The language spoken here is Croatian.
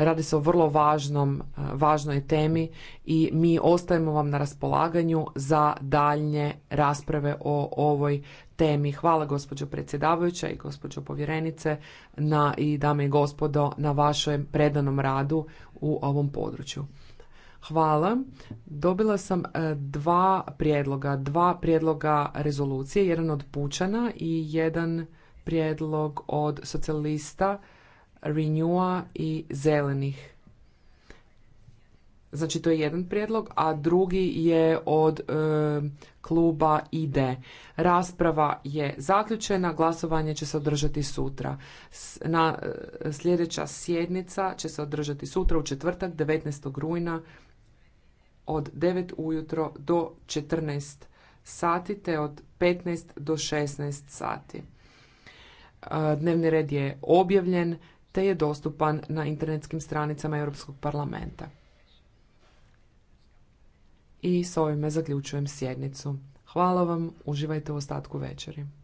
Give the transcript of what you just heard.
Radi se o vrlo važnom, eh, važnoj temi i mi ostajemo vam na raspolaganju za daljnje rasprave o ovoj temi. Hvala gospođo predsjedavajuća i gospođo povjerenice na, i dame i gospodo na vašem predanom radu u ovom području. Hvala. Dobila sam eh, dva prijedloga, dva prijedloga rezolucije, jedan od pučana i jedan prijedlog od socijalista Renewa i Zelenih. Znači to je jedan prijedlog, a drugi je od e, kluba ID. Rasprava je zaključena, glasovanje će se održati sutra. Na e, sljedeća sjednica će se održati sutra u četvrtak 19. rujna od 9 ujutro do 14 sati te od 15 do 16 sati. E, dnevni red je objavljen te je dostupan na internetskim stranicama Europskog parlamenta. I s ovime zaključujem sjednicu. Hvala vam, uživajte u ostatku večeri.